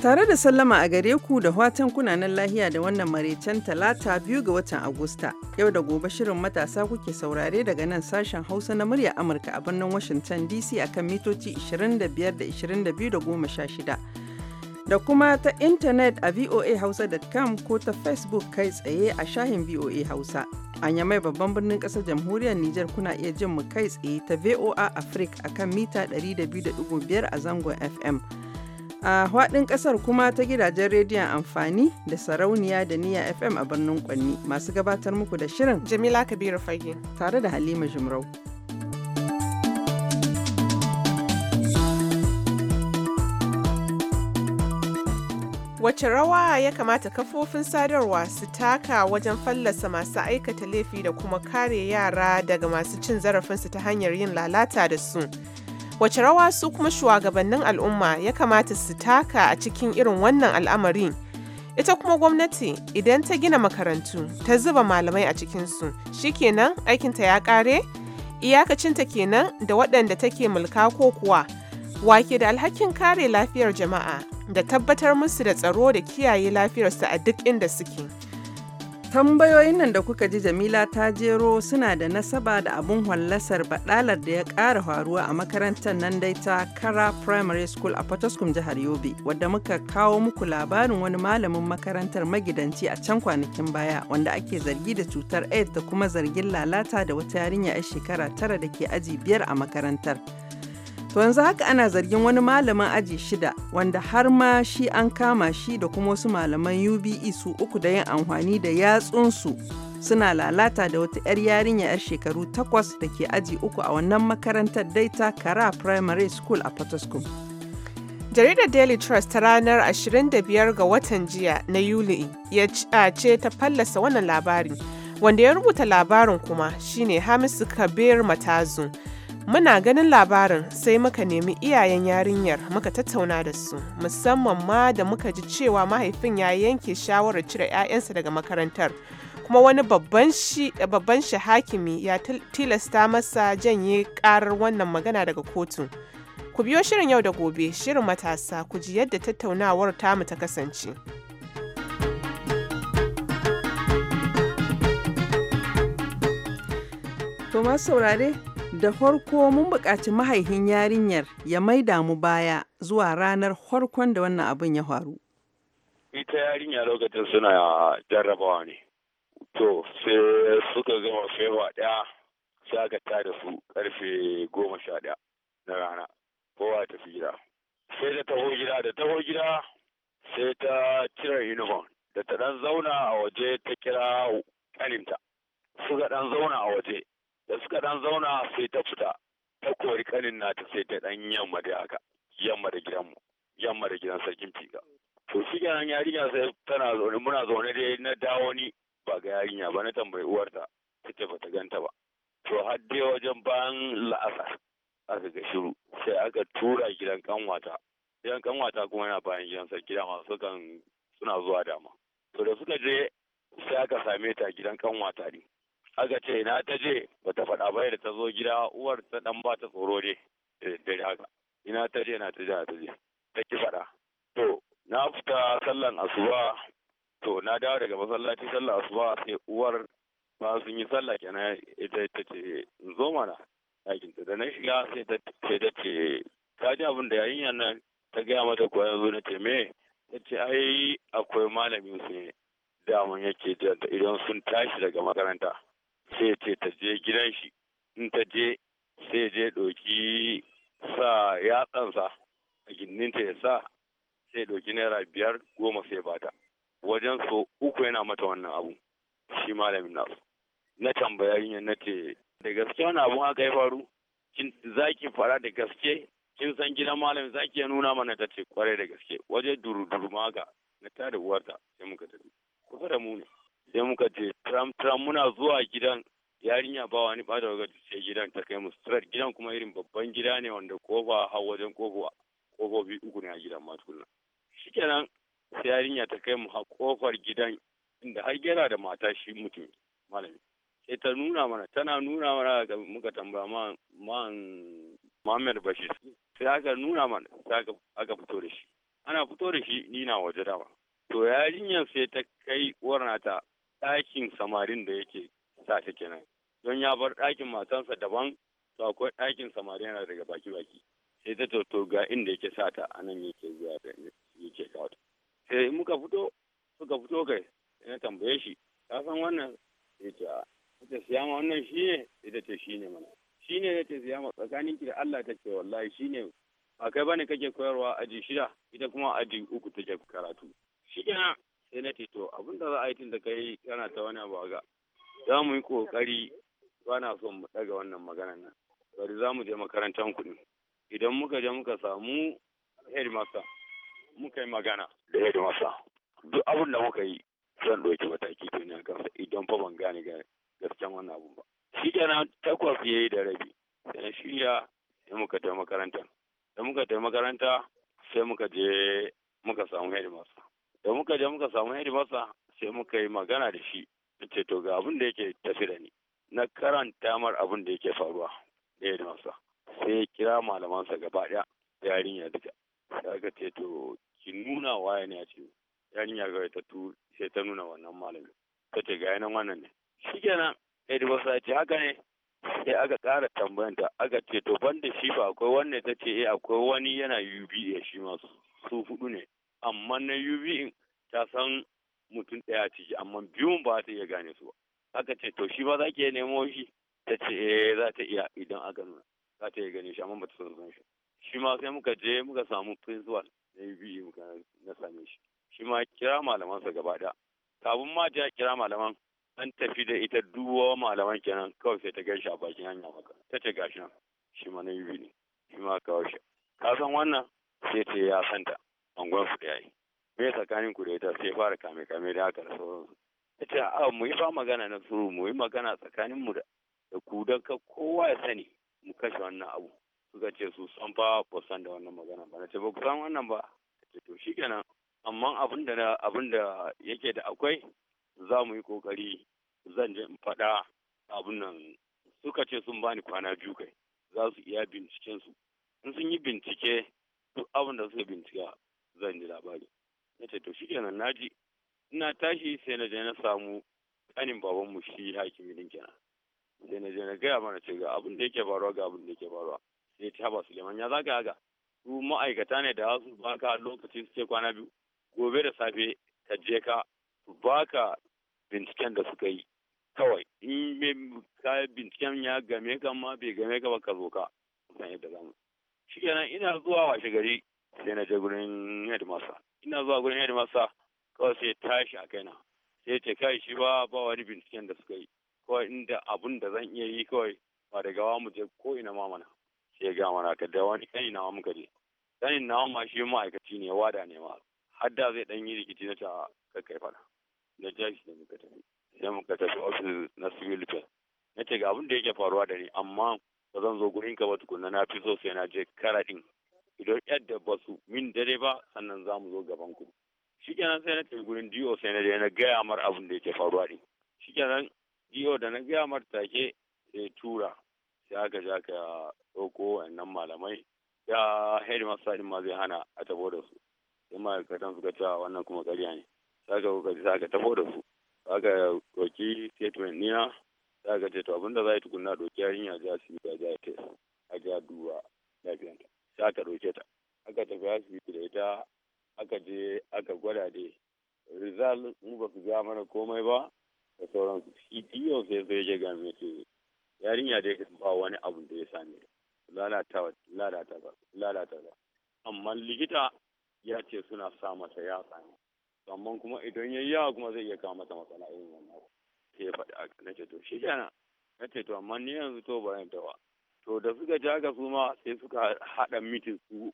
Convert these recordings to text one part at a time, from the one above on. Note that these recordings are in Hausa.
Tare da sallama a gare ku da watan kunanan lahiya da wannan maraicen talata biyu ga watan Agusta. Yau da gobe shirin matasa kuke saurare daga nan sashen Hausa na murya Amurka a birnin Washington DC akan mitoci 25 da 22 da 16. Da kuma ta intanet a voahausa.com ko ta Facebook kai tsaye a shahin VOA Hausa. A Yamai babban birnin ƙasar jamhuriyar Nijar kuna iya jin mu kai tsaye ta VOA Africa akan mita 200.5 a zangon FM. A haɗin ƙasar kuma ta gidajen rediyon amfani da sarauniya da niyya FM a birnin Kwanni masu gabatar muku da shirin. Jamila Kabiru Fage. Tare da Halima jimrau Wace rawa ya kamata kafofin sadarwa su taka wajen fallasa masu aikata laifi da kuma kare yara daga masu cin zarafinsu ta hanyar yin lalata da su? wace rawa su kuma shugabannin al'umma ya kamata su taka a cikin irin wannan al'amarin ita kuma gwamnati idan ta gina makarantu ta zuba malamai a cikinsu shikenan aikinta ya kare iyakacinta kenan da waɗanda take mulka ko kuwa wake da alhakin kare lafiyar jama'a da tabbatar musu da tsaro da kiyaye lafiyarsu a duk inda suke. Tambayoyin nan da kuka ji Jamila ta jero suna da nasaba da abun hallasar baɗalar da ya ƙara faruwa a makarantar nan dai ta Kara Primary School a Potoskum jihar Yobe, wadda muka kawo muku labarin wani malamin makarantar magidanci a can kwanakin baya wanda ake zargi da cutar AIDS da kuma zargin lalata da wata yarinya 'yar shekara tara da ke aji biyar a makarantar. To yanzu haka ana zargin wani malamin aji shida wanda har ma shi an kama shi da kuma wasu malaman UBE su uku da yin amfani da yatsunsu suna lalata da wata 'yar yarinya 'yar shekaru takwas da ke aji uku a wannan makarantar daita Kara Primary School a Potoskum. Jaridar Daily Trust ta ranar 25 ga watan jiya na Yuli ya ce ta fallasa wannan labarin Wanda ya rubuta labarin kuma shine Hamisu Kabir Matazu. Muna ganin labarin sai muka nemi iyayen yarinyar muka tattauna da su musamman ma da muka ji cewa mahaifin ya yanke shawarar cire 'ya'yansa daga makarantar kuma wani babban shi hakimi ya tilasta masa janye karar wannan magana daga kotu. Ku biyo shirin yau da gobe shirin matasa ku ji yadda tattaunawar tamu ta kasance. To saurare Da farko mun buƙaci mahaifin yarinyar ya maida mu baya zuwa ranar farkon da wannan abin ya faru. Ita yarinya lokacin suna jarrabawa ne. To, sai suka gama fewa ɗaya sai aka da su ƙarfe goma sha ɗaya na rana. Kowa tafi gida. Sai da taho gida da taho gida sai ta cire uniform da ta ɗan zauna a waje ta kira ƙaninta. Suka ɗan zauna a waje. da suka dan zauna sai ta fita ta kori kanin nata sai ta dan yamma da haka yamma da gidanmu yamma da gidan sarkin figa to shi kenan yarinya sai tana zaune muna zaune dai na dawo ni ba ga yarinya ba na tambayi uwarta take ba ta ganta ba to har dai wajen bayan la'asar aka ga shiru sai aka tura gidan kanwata gidan kanwata kuma yana bayan gidan sarki dama sukan suna zuwa dama to da suka je sai aka same ta gidan kanwata ne aka ce na ta je bata faɗa ba da ta zo gida uwar ta dan ba ta tsoro ne dare haka ina ta je na ta je na ta je ta ki faɗa to na fita sallan asuba to na dawo daga masallaci sallan asuba sai uwar ba sun yi sallah kenan ita ta ce in zo mana ɗakin ta da na shiga sai ta ce ta ce ta ji abin da yayin nan ta gaya mata ko yanzu na ce me ta ce ai akwai malamin su ne daman yake janta idan sun tashi daga makaranta sai ce ta je gidan shi in ta je sai je doki sa yatsansa a ta ya sa sai doki naira biyar goma sai bata wajen so uku yana mata wannan abu shi malamin nasu na tambaya yin na ce da gaske wani abun haka ya faru za ki fara da gaske kin san gidan malamin za ki ya nuna mana ta ce kwarai da gaske waje duru duru ma haka na tada uwarta sai muka tafi kusa da mu ne sai muka ce tram tram muna zuwa gidan yarinya ba wani bada lokaci sai gidan ta kai mu straight gidan kuma irin babban gida ne wanda kofa har wajen kofa kofofi uku ne a gidan ma tukunna shikenan sai yarinya ta kai mu har kofar gidan inda har yana da mata shi mutum malami sai ta nuna mana tana nuna mana ga muka tambaya ma man Muhammad Bashir sai aka nuna mana sai aka fito da shi ana fito da shi ni na waje dama to yarinyar sai ta kai warnata ɗakin samarin da yake sa ta kenan don ya bar ɗakin matansa daban to akwai ɗakin samarin yana daga baki baki sai ta to ga inda yake sa ta a nan yake zuwa da yake kawo ta. sai muka fito suka fito kai na tambaye shi ka san wannan sai ta ta siya ma wannan shi ne sai ta ce shi ne mana shi ne ta siya ma tsakanin ki da Allah ta ce wallahi shi ne ba kai bane kake koyarwa aji shida ita kuma aji uku take karatu shi kenan sai na to abin da za a yi tun da kai yana ta wani abu ga za mu yi kokari ba na son mu daga wannan magana nan bari za mu je makarantar kuɗi idan muka je muka samu headmaster muka yi magana da headmaster duk abin da muka yi zan ɗauki mataki to ne kansa idan fa ban gane gaskiyan wannan abu ba shi kenan takwas ya yi da rabi sai na shirya sai muka je makaranta da muka je makaranta sai muka je muka samu headmaster da muka je muka samu masa sai muka yi magana da shi ce to ga abin da yake tafi da ni na karanta mar abin da yake faruwa da masa sai ya kira malamansa gaba ɗaya yarinya duka da aka ce to ki nuna waye ne a cikin yarinya ga ta tu sai ta nuna wannan malamin ta ce ga yanan wannan ne shikenan hedimasa ya ce haka ne sai aka ƙara tambayanta aka ce to ban da shi ba akwai wanne ta ce eh akwai wani yana UBA shi masu su hudu ne amma na biyun ta san mutum ɗaya ciki amma biyun ba ta iya gane su ba aka ce to shi ba za ki nemo shi ta ce eh za ta iya idan aka nuna za ta iya gane shi amma ba ta san san shi shi ma sai muka je muka samu principal na biyu muka na same shi shi ma kira malamansa gaba ɗaya kafin ma ta kira malaman an tafi da ita duwa malaman kenan kawai sai ta gaishe a bakin hanya maka ta ce gashi nan shi ma na biyu ne shi ma kawai shi ka san wannan sai ta ya santa anguwan su da yayi me tsakanin ku da ita sai fara kame kame da haka da sauransu ita a mu yi fa magana na su mu yi magana tsakanin mu da ku don ka kowa ya sani mu kashe wannan abu suka ce su san fa ba san da wannan magana ba na ce ba ku san wannan ba ce to shikenan amma abin da abin da yake da akwai za mu yi kokari zan je in faɗa abin nan suka ce sun bani kwana biyu kai za su iya binciken su in sun yi bincike duk abin da suka bincika zan ji labari na ce to shikenan na ji ina tashi sai na je na samu kanin babanmu shi hakimi din kenan sai na je na gaya mana ce ga abin da yake faruwa ga abin da yake faruwa sai ta ba Suleiman ya zaka haka su ma'aikata ne da su baka lokaci su ce kwana biyu gobe da safe ka je ka baka binciken da suka yi kawai in me. ka binciken ya game ka ma bai game ka ba ka zo ka san yadda zamu shikenan ina zuwa washe gari sai na je gurin headmaster ina zuwa gurin headmaster kawai sai tashi a kaina sai ce kai shi ba ba wani binciken da suka yi kawai inda abun da zan iya yi kawai ba da gawa mu je ko ina ma mana sai ga mana ka da wani kani nawa muka je kanin nawa ma shi ma'aikaci ne wada ne ma har da zai dan yi rikici na ta kakkai fada na shi da muka tafi sai muka tafi ofis na civil defense na ce ga abin da yake faruwa da ni amma ba zan zo gurin ka ba tukunna na fi so sai na je karaɗin idan yadda ba su min dare ba sannan za mu zo gaban ku shi kenan sai na tafi gurin diyo sai na na gaya mar abin da yake faruwa ne shi kenan diyo da na gaya mar take sai tura sai aka ja ka ɗauko wannan malamai ya masa din ma zai hana a tabo da su sai ma'aikatan suka ce wannan kuma ƙarya ne sai ka kokari sai ka tabo da su aka roki statement nina sai ka ce to abinda za a yi tukunna ɗauki yarinya za su yi ga ja ta a ja duba lafiyanta sai aka ɗauke ta aka tafi asibiti da ita aka je aka gwada da rizal mu ba su gaya mana komai ba da sauransu shi yau sai sai ya ga mai ce yarinya dai ba wani abu da ya same lalata lalata ba lalata ba amma likita ya ce suna sa masa ya same amma kuma idan ya yawa kuma zai iya kawo mata matsala irin wannan sai ya faɗi aka na ce to shi kenan na ce to amma ni yanzu to ba ta ba. to da suka ji haka su ma sai suka haɗa mitin su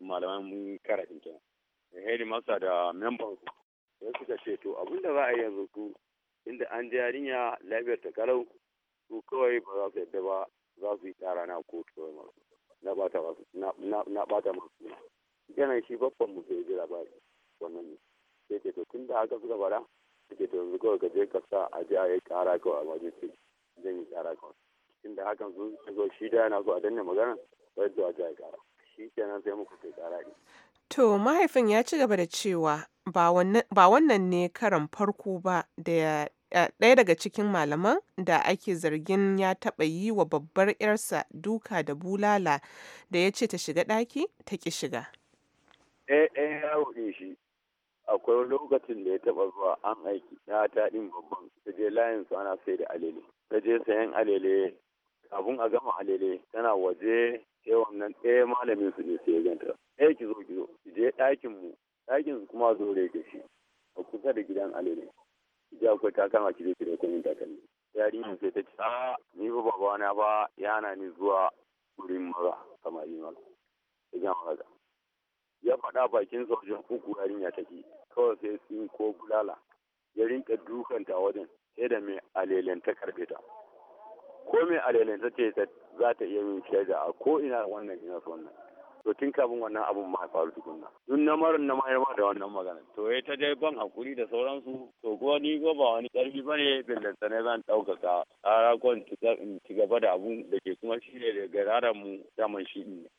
malaman karatun ta da masa da memban su sai suka ce to abin da za a yi yanzu su inda an ji yarinya lafiyar ta kalau su kawai ba za su yadda ba za su yi tara na kotu kawai masu na bata masu na bata shi babban mu sai jira ba wannan sai ce to tun da haka suka fara sai ce to yanzu kawai ka je ka sa a ji a yi kara kawai a wajen sai zan yi kara kawai da hakan su zo shi da yana zuwa a danne magana bai zuwa ji kara shi kenan sai muku kai kara ne. To mahaifin ya ci gaba da cewa ba wannan ne karan farko ba da ɗaya daga cikin malaman da ake zargin ya taɓa yi wa babbar 'yarsa duka da bulala da ya ce ta shiga ɗaki ta ki shiga. Eh, eh, ya wuɗe shi. akwai lokacin da ya taba zuwa an aiki na ta babban ta je layin su ana sai da alele ta je sayan alele kafin a gama alele tana waje sai wannan ɗaya malamin su ne su ya ganta ɗaya eh, ki zo ki zo ki je ɗakin mu ɗakin kuma zo da shi a kusa da gidan alele ki je akwai takalma ki je ki ɗauko min takalmi yarinyar sai ta ce a ni ba baba na ba yana ni zuwa wurin maza kama yi ya gama haka ya faɗa bakin sojan uku yarinya ke. kawai sai sun ko bulala ya rinka dukanta wajen sai da mai alelen ta karɓe ta ko mai alalin ta ce za ta iya yin shaida a ko ina wannan ina so wannan to tun kafin wannan abun ma faru na duk na marin na mayar da wannan magana to ya ta dai ban hakuri da sauransu to ko ni ko ba wani karfi ba ne da ne zan ɗaukaka tsara kon ci gaba da abun da ke kuma shi ne daga raran mu daman shi ne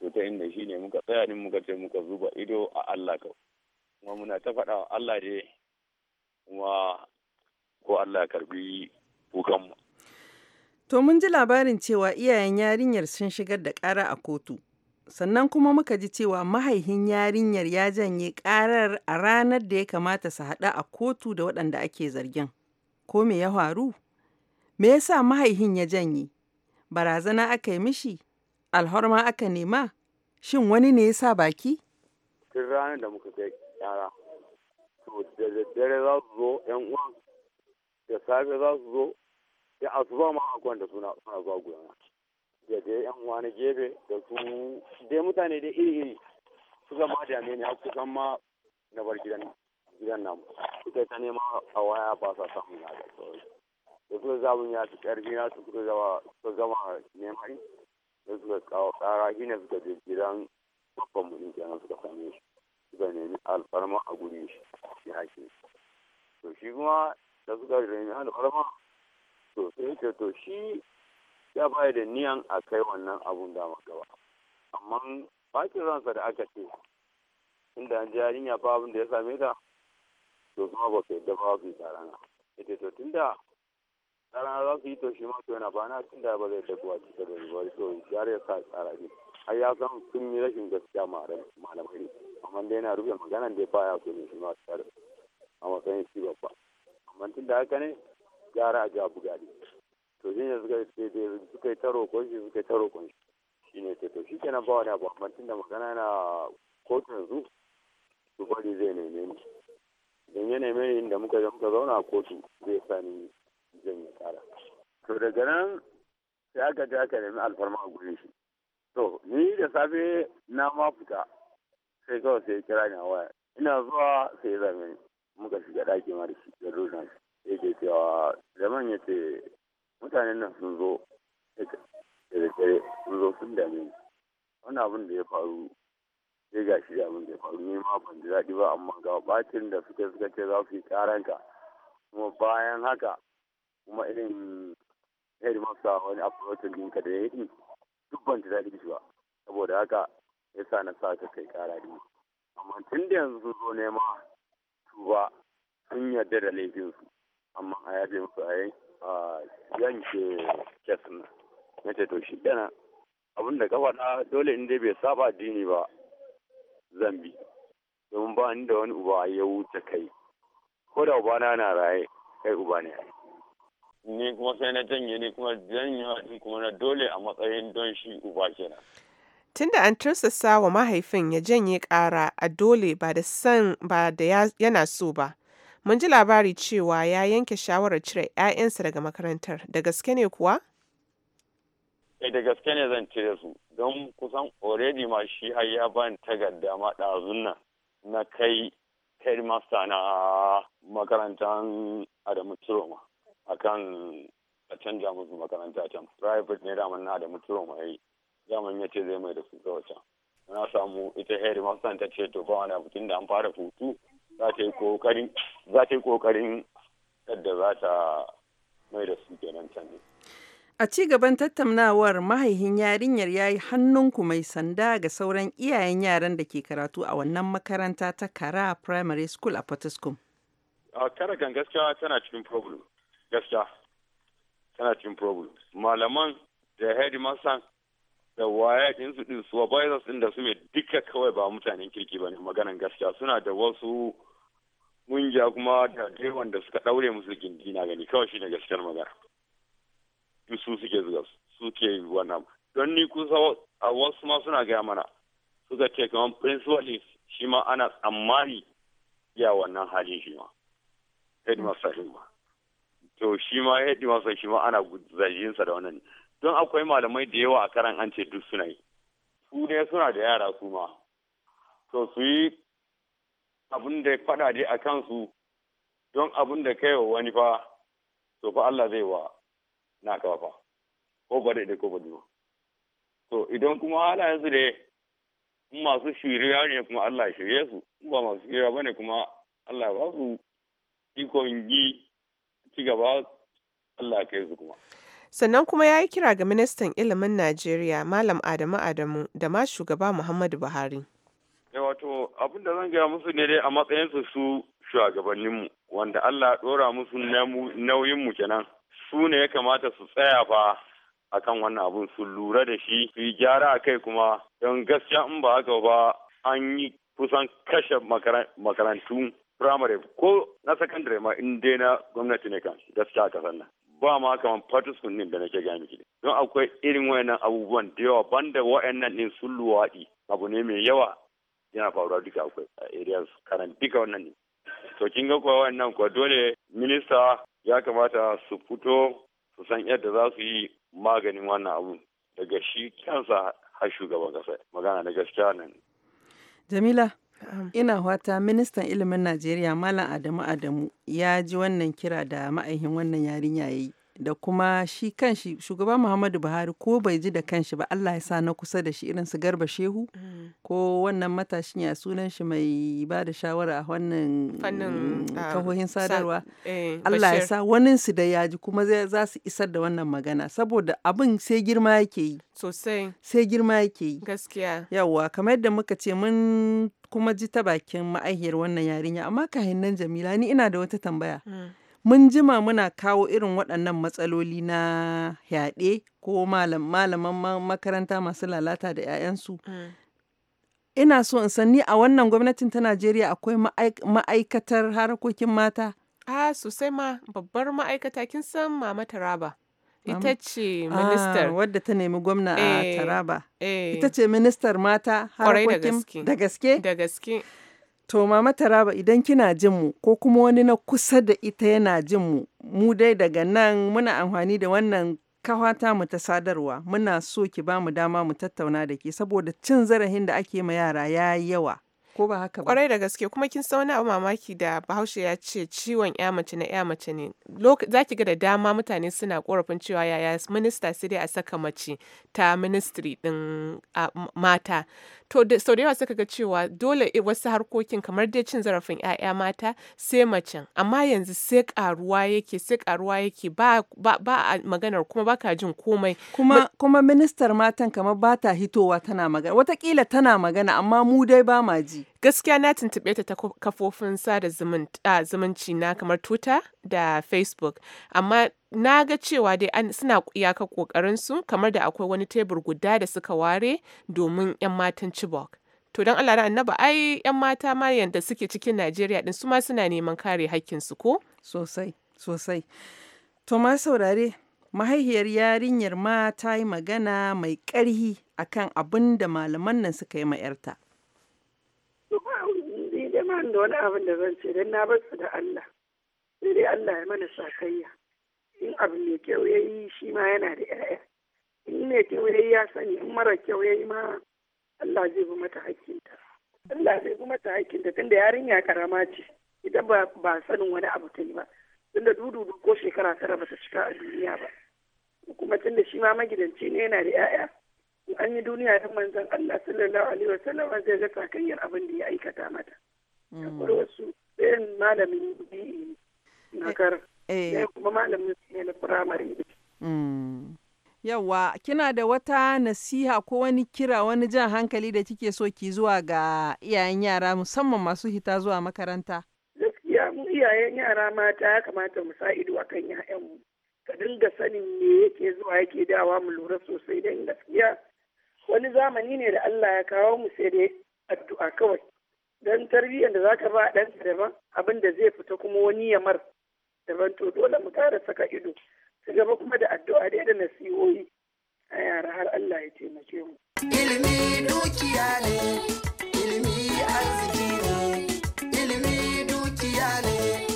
to ta inda shi ne muka tsaya ne muka ce muka zuba ido a Allah kawai kuma muna ta faɗawa Allah dai kuma ko Allah ya karbi mu. To mun ji labarin cewa iyayen yarinyar sun shigar da ƙara a kotu. Sannan kuma muka ji cewa mahaihin yarinyar ya janye ƙarar a ranar da ya kamata su haɗa a kotu da waɗanda ake zargin. Ko me ya faru? Me yasa mahaihin ya janye? Barazana aka yi mishi? Alhorma aka nema? Shin wani ne ya sa baki? Tun ranar da muka kai yara. To da daddare za su zo 'yan uwan da safe za su zo a zuba ma a kwanta suna suna zuwa gudana da dai yan wani na gefe da su dai mutane da iri iri su zama da ne haku kusan ma na bar gidan gidan su suka ta nema a waya ba sa samun na da sauran da suka zaɓin ya su ƙarfi na su suka zama su zama neman da suka kawo ƙara shi ne suka je gidan babban mutum kenan suka same shi suka nemi alfarma a guri shi shi haƙi to shi kuma da suka nemi alfarma to sai ce to shi ya bai da niyan a kai wannan abun da gaba amma bakin ransa da aka ce inda an jari ya ba abin da ya same ta to kuma ba ka yi dafa su tsara na ita to tunda tsara za su yi to shi ma to yana bana tun da ba zai yadda kuwa cikin da zuwa to jari ya sa tsara ne har ya san sun yi rashin gaskiya malamai ne amma dai yana rufe maganan da ya baya so ne shi ma tsara a matsayin shi babba amma tun da haka ne gara a jabu buga to zai ne suka ce dai suka yi ta roƙon shi suka yi ta roƙon shi shi ne ce to shi kenan ba wani abu amma tun da magana na kotun yanzu su bari zai neme ni don ya neme ni inda muka muka zauna a kotu zai sani zan yi kara to daga nan sai aka ji aka nemi alfarma a gurin shi to ni da safe na ma fita sai kawai sai kira ni a waya ina zuwa sai ya zame ni muka shiga ɗakin ma da shi da shi yake cewa zaman ya ce mutanen nan sun zo da kare sun zo sun dame ni wani abin da ya faru sai ga shi abin da ya faru ne ma ban ji daɗi ba amma ga bacin da suka suka ce za su yi karanka kuma bayan haka kuma irin headmaster wani din ɗinka da ya yi duk ban ji daɗi shi ba saboda haka ya sa na sa ka kai kara ne amma tun da yanzu sun zo nema tuba sun yarda da laifinsu amma a yaje musu a yi a yanke kesin na ce to shi kenan abin da kafa na dole in dai bai saba addini ba zan bi domin ba ni da wani uba ya wuce kai ko da uba na na raye kai uba ne ni kuma sai na janye ni kuma janyewa ni kuma na dole a matsayin don shi uba kenan tunda an tursasa wa mahaifin ya janye ƙara a dole ba da san ba da yana so ba Mun ji labari cewa ya yanke shawarar cire 'ya'yansa daga makarantar, da gaske ne kuwa? Eh da gaske ne zan cire su, don kusan already ma shi har ya bani tagarda ma ɗazun nan na kai headmaster na makarantar Adamu Turoma akan a canja musu makaranta can. Private ne daman na Adamu Turoma ya yi, daman ya ce zai mai da su ga wacan. Na samu ita headmaster ta ce to ba wani abu tun da an fara hutu za ta yi kokarin yadda za ta mai da su kenan can ne A ci gaban tattaunawar mahaihin yarinyar ya yi hannunku mai sanda ga sauran iyayen yaran da ke karatu a wannan makaranta ta Kara Primary School a Potoskum. A kara gaskiya tana cikin problem. Gaskiya tana cikin problem. Malaman da headmaster da waya din su din supervisors din da su mai duka kawai ba mutanen kirki ba ne maganan gaskiya suna da wasu mungiya kuma da dai da suka daure musu gindi na gani kawai shi ne gaskiyar magana su suke zuga suke wannan don ni kusa a wasu ma suna gaya mana suka ce kamar principal shi ma ana tsammani ya wannan halin shi ma headmaster shi ma to shi ma headmaster shi ma ana zajinsa da wannan don akwai malamai da yawa a karan an ce duk suna yi su ne suna da yara su ma to su yi abin da faɗa dai a kansu don abin da kai wa wani fa to fa Allah zai wa na kafa fa ko ba da ko ba to idan kuma halayen su dai masu shirya ne kuma Allah shirye su ba masu shirya bane kuma Allah ba su ikon yi ci gaba Allah kai su kuma sannan kuma ya yi kira ga ministan ilimin Najeriya Malam Adamu Adamu da ma shugaba Muhammadu Buhari. Ya eh, wato abin da zan gaya musu ne dai a matsayin su su shugabanninmu wanda Allah ya ɗora musu nauyinmu kenan su ne ya kamata su tsaya fa akan wannan abun su lura da shi su yi gyara a kai kuma don gaskiya in ba haka ba an yi kusan kashe makarantun firamare ko na sakandare ma in dai na gwamnati ne kan gaskiya a kasar nan ba ma kamar partisan din da nake gaya miki don akwai irin wayannan abubuwan da yawa banda wayannan ne sun luwaɗi abu ne mai yawa yana faruwa duka akwai a areas karan duka wannan ne to kin ga kuwa wayannan kuwa dole minista ya kamata su fito su san yadda za su yi maganin wannan abu daga shi kansa har shugaban kasa magana na gaskiya nan jamila ina wata ministan ilimin najeriya malam adamu adamu ya ji wannan kira da ma'aikin wannan yarinya ya yi da kuma shi kanshi shugaban Muhammadu Buhari ko bai ji da kanshi ba Allah ya sa na kusa da shi irin su Garba Shehu mm. ko wannan matashin ya sunan shi mai ba da shawara a wannan fannin mm, ah, sadarwa eh, Allah ya sa wanin su da yaji kuma za su isar da wannan magana saboda abin sai girma yake yi sosai sai girma yake yi gaskiya yawa kamar yadda muka ce mun kuma ji ta bakin ma'ahiyar wannan yarinya amma kahin nan Jamila ni ina da wata tambaya mm. mun jima muna kawo irin waɗannan matsaloli na yaɗe ko malaman makaranta masu lalata da 'ya'yansu. Mm. Ina so in sanni a wannan gwamnatin ta Najeriya akwai ma'aikatar harkokin mata. A sosai ma babbar ma'aikata kin san Mama Taraba. Ita ce ah, ministar. Wadda ta nemi gwamna a eh, Taraba. Ita eh. ce ministar mata harkokin da gaske. Da gaske. To mama Taraba idan kina jin mu ko kuma wani na kusa da ita yana jin mu mu dai daga nan muna amfani da wannan kawata mu ta sadarwa muna so ki bamu dama mu tattauna da ke saboda cin zarafin da ake ma yara yayi yawa ko ba haka ba kwarai da gaske kuma kin san wani abu mamaki da bahaushe ya ce ciwon ya mace na ya mace ne za ki ga da dama mutane suna korafin cewa yaya minista sai dai a saka mace ta ministry din mata to da sau da yawa suka ga cewa dole wasu harkokin kamar dai cin zarafin 'ya'ya mata sai macen amma yanzu sai karuwa yake sai karuwa yake ba a maganar kuma baka jin komai kuma kuma ministar matan kamar ba ta hitowa tana magana watakila tana magana amma mu dai ba ma ji Gaskiya na tuntuɓe ta ta kafofin sada zumunci na kamar Twitter da Facebook, amma na ga cewa dai suna iyaka su kamar da akwai wani tebur guda da suka ware domin 'yan matan Chibok. to don Allah na annaba ai yan mata ma yadda suke cikin Najeriya din su ma suna neman kare hakkin su ko sosai sosai to ma saurare mahaihiyar yarinyar ma ta yi magana mai karhi akan abin da malaman nan suka yi ma 'yarta. ai ma da wani abin da zan ce don na bar su da Allah sai dai Allah ya mana sakayya in abu mai kyau ya yi shi ma yana da 'ya'ya in mai kyau ya yi ya sani in mara kyau ya yi ma Allah zai bi mata hakkinta Allah zai bi mata hakkinta tunda yarinya karama ce ita ba ba sanin wani abu ta yi ba tunda dudu ko shekara tara ba ta cika a duniya ba kuma tunda shi ma magidanci ne yana da 'ya'ya an yi duniya ta manzon Allah sallallahu alaihi wasallam zai ga sakayyar abin da ya aikata mata Mm. wasu ɗayan malamin bi'i na eh, kar eh. kuma malamin ne na firamare mm. Yawwa, kina da wata nasiha ko wani kira wani jan hankali da kike so ki zuwa ga iyayen yara musamman masu hita zuwa makaranta? Gaskiya mu iyayen yara mata ya kamata mu sa ido akan 'ya'yanmu. Ka dinga sanin me yake zuwa yake dawa mu lura sosai dan gaskiya wani zamani ne da Allah ya kawo mu sai dai addu'a kawai. dan tarbiyyar da zaka ba ɗanka daban abin da zai fita kuma wani yamar daban to dole mu kara saka ido su gaba kuma da addu'a da da nasihohi a yara har Allah ya taimake mu ilimi dukiya ne ilimi arziki ne ilimi dukiya ne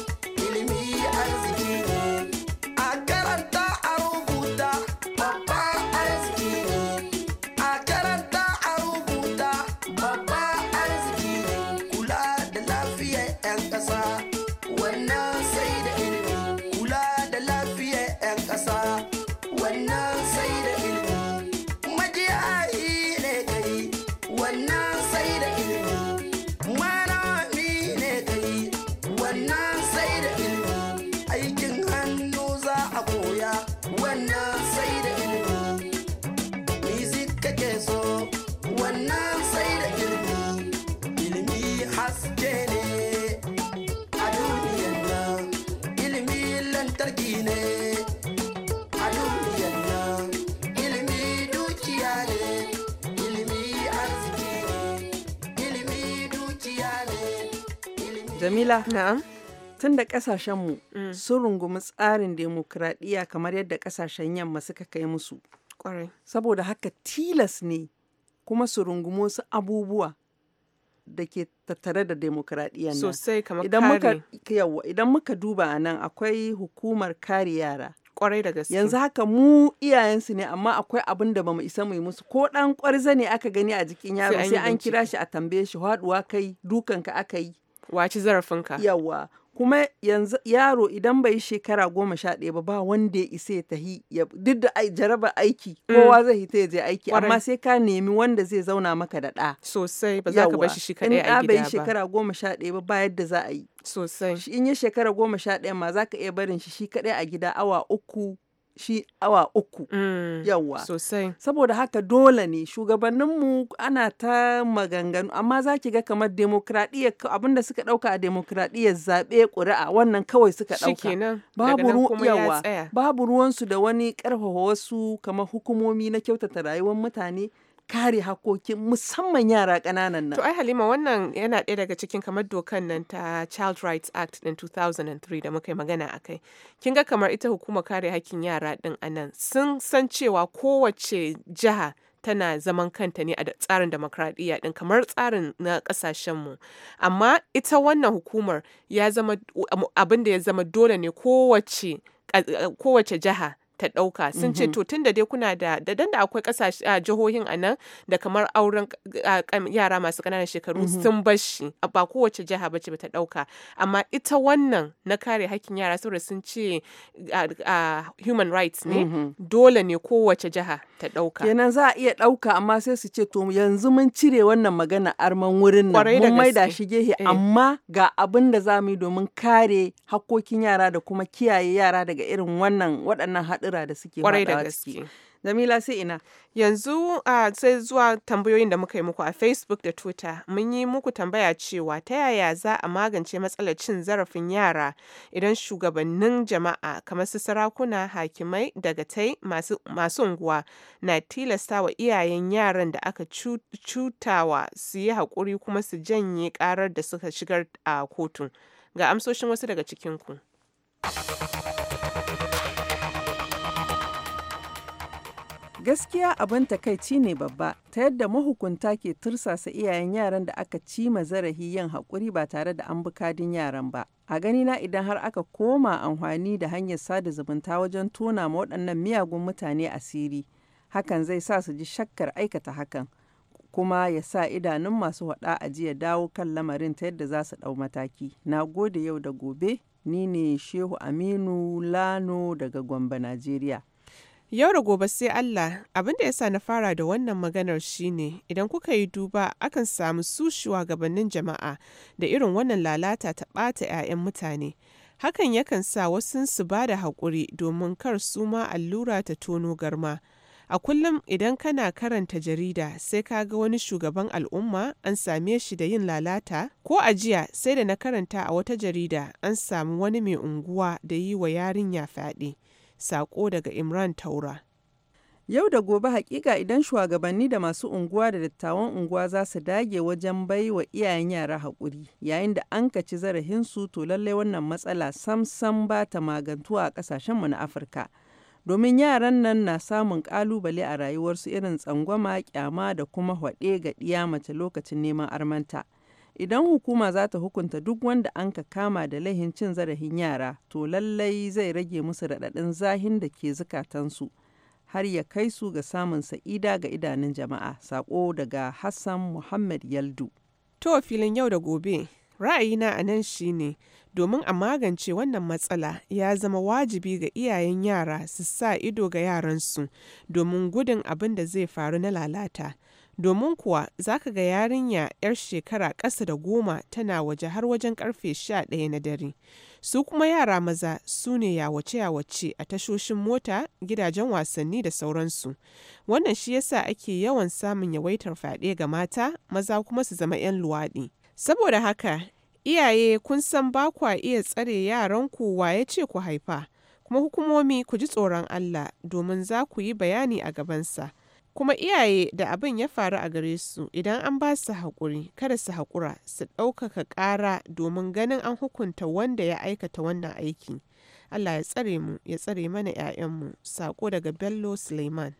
Jamila. Na'am. Tun da kasashenmu mm. sun rungumi tsarin demokradiyya kamar yadda kasashen yamma suka kai musu. Saboda haka tilas ne kuma su rungumi wasu abubuwa da ke tattare da demokradiyyar nan. Sosai kamar idan muka, idan muka duba a nan akwai hukumar kare yara. Kwarai da gaske. Yanzu haka mu iyayensu ne amma akwai abin da ba mu isa mu musu ko ɗan ƙwarza ne aka gani a jikin yaro sai an kira shi a tambaye shi haɗuwa kai dukanka aka yi. waci zarafinka yawa kuma yanzu yaro idan bai yi shekara goma sha ɗaya ba ba wanda ya isa ya tahi duk da jaraba aiki mm. kowa zai hita ya je aiki amma sai ka nemi wanda zai zauna maka da ɗa sosai ba za ka bar shi kaɗai a gida ba in ɗa bai yi shekara goma sha ɗaya ba ba yadda za a yi sosai in ya shekara goma sha ɗaya ma za ka iya barin shi shi kaɗai a gida awa uku shi awa uku mm, yawwa sosai saboda haka dole ne shugabanninmu ana ta maganganu amma za ki ga kamar demokradiyyar abinda suka dauka a demokradiyyar zaɓe ƙuri'a wannan kawai suka dauka babu ru yawa babu ruwansu da wani ƙarfafa wasu kamar hukumomi na kyautata rayuwar mutane kare hakokin musamman yara kananan nan. To ai Halima wannan yana ɗaya daga cikin kamar dokan nan ta Child Rights Act ɗin 2003 da muka yi magana a kai. Kin ga kamar ita hukumar kare hakkin yara din a nan sun san cewa kowace jiha tana zaman kanta ne a tsarin demokradiyya din kamar tsarin na mu amma ita wannan hukumar ya zama um, abin da ya zama dole ne kowace kowace jiha ta ɗauka sun ce mm-hmm. to tun da dai kuna da da da akwai kasashe a jihohin a nan da kamar auren yara masu ƙananan shekaru mm-hmm. sun bar shi ba kowace jiha ba ce ba ta ɗauka amma ita wannan na kare hakkin yara saboda sun ce human rights ne mm-hmm. dole ne kowace jiha ta ɗauka kenan za a iya ɗauka amma sai su ce to yanzu mun cire wannan magana arman wurin nan mun maida shi gehe eh. amma ga abin da za mu yi domin kare hakkokin yara da kuma kiyaye yara daga irin wannan waɗannan haɗin da suke kwarai da gaske Jamila sai ina yanzu a sai zuwa tambayoyin da muka yi muku a Facebook da Twitter mun yi muku tambaya cewa ta yaya za a magance matsalar cin zarafin yara idan shugabannin jama'a kamar su sarakuna hakimai dagatai masu unguwa na tilasta wa iyayen yaran da aka cutawa su yi haƙuri kuma su janye ƙarar da suka shigar a kotun ga amsoshin wasu daga cikinku. ku. Gaskiya abin takaici ne babba ta yadda mahukunta ke tursasa iyayen yaran da aka ci ma zarafi yin haƙuri ba tare da an bi yaran ba. A ganina idan har aka koma amfani da hanyar sada zumunta wajen tona ma waɗannan miyagun mutane asiri, hakan zai sa su ji shakkar aikata hakan. kuma ya sa idanun masu haɗa a jiya dawo kan lamarin ta yadda za su ɗau mataki. Na gode yau da gobe, ni ne Shehu Aminu Lano daga Gombe, Najeriya. Yau da gobe sai Allah, abin da yasa na fara da wannan maganar shine idan kuka yi duba akan samu su shugabannin jama'a da irin wannan lalata ta ɓata 'ya'yan mutane. Hakan yakan sa wasu su ba da haƙuri domin kar su ma allura ta tono garma. A kullum idan kana karanta jarida sai ka ga wani shugaban al'umma an same shi da yin lalata ko ajiya sai da na karanta a wata jarida an samu wani mai unguwa da yi wa yarinya fyaɗe. Sako daga Imran Taura. Yau da gobe hakika idan shugabanni da masu unguwa da dattawan unguwa za su dage wajen bai wa iyayen yara haƙuri yayin da an kaci su to lallai wannan matsala sam-sam ba ta magantuwa a ƙasashenmu na Afirka. Domin yaran nan na samun ƙalubale a rayuwarsu irin tsangwama, kyama da kuma haɗe ga ɗiya mace lokacin neman armanta. Idan hukuma za ta hukunta duk wanda an ka kama da laihin cin zarafin yara, to lallai zai rage musu raɗaɗin zahin da ke zukatansu har ya kai su ga samun sa'ida ga idanun jama'a. Sako daga Hassan Muhammad Yaldu. To filin yau da gobe, ra'ayina a nan shine domin a magance wannan matsala ya zama wajibi ga iyayen yara su sa ido ga yaransu domin gudun abin da zai faru na lalata domin kuwa za ka ga yarinya 'yar shekara ƙasa da goma tana waje har wajen karfe sha ɗaya na dare su kuma yara maza su ne yawace-yawace a tashoshin mota gidajen wasanni da sauransu wannan shi yasa ake yawan samun yawaitar fyaɗe ga mata maza kuma su zama 'yan luwaɗi saboda haka iyaye kun san ba kwa iya tsare yaranku waye ce ku haifa kuma hukumomi ku ji tsoron allah domin za ku yi bayani a gabansa kuma iyaye da abin ya faru a gare su idan an ba su haƙuri kada su haƙura su ɗaukaka ƙara domin ganin an hukunta wanda ya aikata wannan aiki allah ya tsare mu ya tsare mana 'ya'yanmu sako daga bello suleiman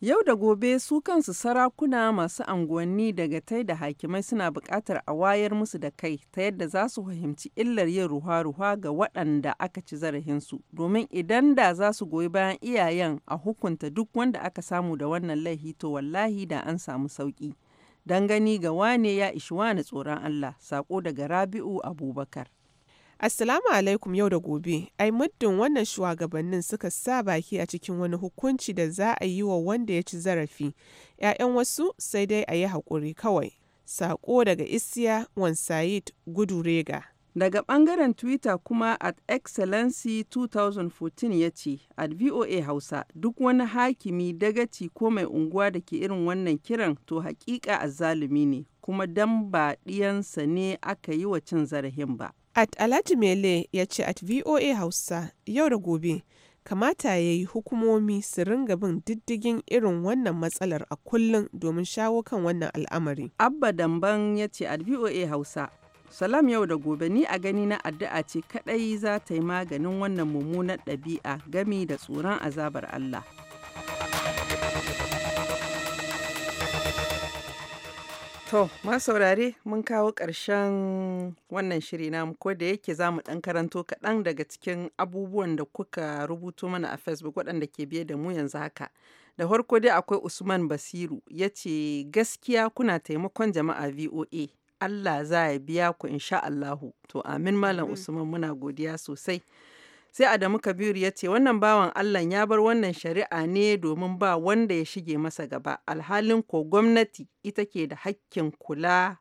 Yau da gobe su kansu sarakuna masu anguwanni tai da hakimai suna buƙatar a wayar musu da kai ta yadda za su fahimci illar yin ruwa-ruwa ga waɗanda aka ci zarahinsu domin idan da za su goyi bayan iyayen a hukunta duk wanda aka samu da wannan laifi to wallahi da an samu sauƙi. Dan gani ga wane ya ishi wane tsoron Allah, sako daga Rabi'u Abubakar. Assalamu alaikum yau da gobe, ai muddin wannan shugabannin suka sa baki a cikin wani hukunci da za a yi wa wanda ya ci zarafi, ‘ya'yan wasu sai dai a yi haƙuri kawai. Saƙo daga Isiya Wansayid Gudu Rega. Daga ɓangaren Twitter kuma at Excellency 2014 ya ce, at VOA Hausa, duk wani hakimi dagaci ko mai unguwa da ke irin wannan kiran to hakika azzalumi ne, kuma dan ba ɗiyansa ne aka yi wa cin zarafin ba. At Alhaji Mele ya ce at VOA Hausa yau da gobe kamata ya yi hukumomi su ringa bin diddigin irin wannan matsalar a kullum domin shawo kan wannan al'amari. Abba Damban ya ce at VOA Hausa Salam yau da gobe ni a gani na addu'a ce kadai za ta yi maganin wannan mummunan ɗabi'a gami da tsoron azabar Allah. To, saurare mun kawo ƙarshen wannan shiri na ko da yake za mu ɗan karanto kaɗan daga cikin abubuwan da kuka rubuto mana a Facebook waɗanda ke biye da mu yanzu haka. Da farko dai akwai Usman Basiru ya ce gaskiya kuna taimakon jama'a VOA. Allah za ya biya ku insha Allahu. To, amin Malam Usman muna godiya sosai. Sai Adamu Kabiru ya ce wannan bawan Allah ya bar wannan shari'a ne domin ba wanda ya shige masa gaba alhalin ko gwamnati ita ke da hakkin kula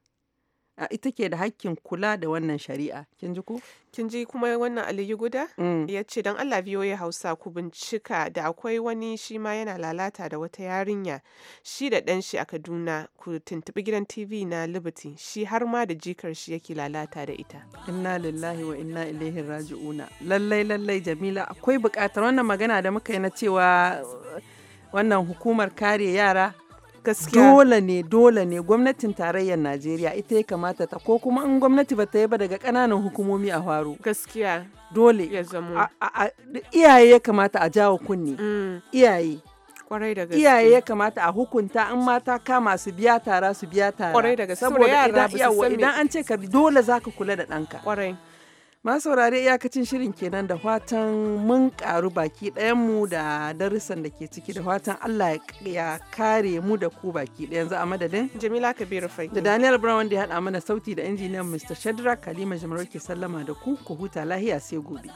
ita ke da hakkin kula da wannan shari'a kin ji ko kin ji kuma wannan aliyu guda mm. ya ce don allah ya hausa ku bincika da akwai wani shi ma yana lalata da wata yarinya shi da ɗanshi shi a kaduna ku tuntuɓi gidan tv na liberty shi har ma da jikar shi yake lalata da ita inna lillahi wa inna ilaihi raji'una lallai lallai jamila akwai bukatar wannan magana da muka yi na cewa wannan hukumar kare yara gaskiya dole ne dole ne gwamnatin tarayyar najeriya ita ya kamata ta ko kuma in gwamnati ba ta yi ba daga kananan hukumomi a faru gaskiya dole ya zamo iyaye ya kamata a jawo kunni mm. iyaye kwarai da iyaye ya kamata a hukunta an mata kama su biya tara su biya tara kwarai da gaske saboda idan an ce ka dole zaka kula da ɗanka kwarai Ma saurari iyakacin shirin kenan da fatan mun karu baki mu da darussan da ke ciki da fatan Allah ya kare mu da ku baki ɗaya za a madadin. Jamila Kabiru Fai. Da Daniel Brown wanda ya haɗa mana sauti da injiniyan Mr. Shadrack Kalima Jamarar ke sallama da ku ku huta lahiya sai gobe.